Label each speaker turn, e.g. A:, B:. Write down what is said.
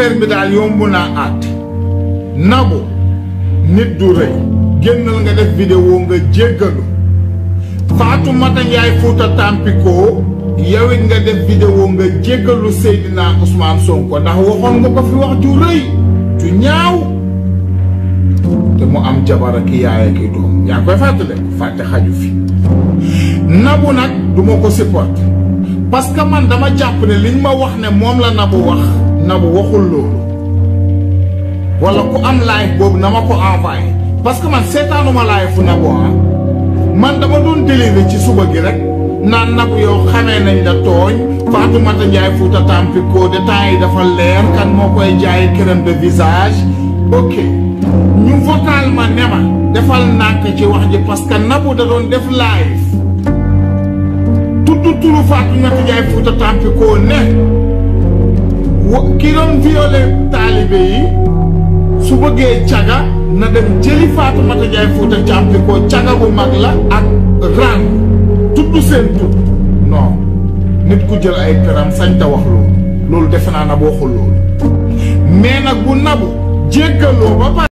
A: affaire bi daal yomb naa àtt nabu nit du rëy génnal nga def vidéo nga jéggalu Fatoumata Ndiaye Fouta Tampico yow nga def vidéo nga jéggalu Seydina Ousmane Sonko ndax waxoon nga ko fi wax ju rëy ju ñaaw te mu am jabar ak yaay ak i doom yaa koy fàttale fàtte xaju fi nabu nag du ko supporte parce que man dama jàpp ne liñ ma wax ne moom la nabu wax na mu ku am live boobu na ma ko envoyé parce que man seetaanuma live fu Nabou ah man dama doon délivrer ci suba gi rek naan Nabou yow xamee nañ la tooñ Fatoumata Ndiaye Fouta Tampico détails yi dafa leer kan moo koy jaay crème de visage ok ñu vocal ma ne ma defal nàkk ci wax ji parce que da doon def live tudd turu Fatoumata Ndiaye Fouta Tampico ne wa ki doon violé taalibe yi su bëggee caga na dem jëli Faatumata Njaay Fuuta Caam ko caga bu mag la ak rang tudd seen tudd non nit ku jël ay peram sañ ta loolu defe naa na boo xul nag bu nabu jéggaloo ba pare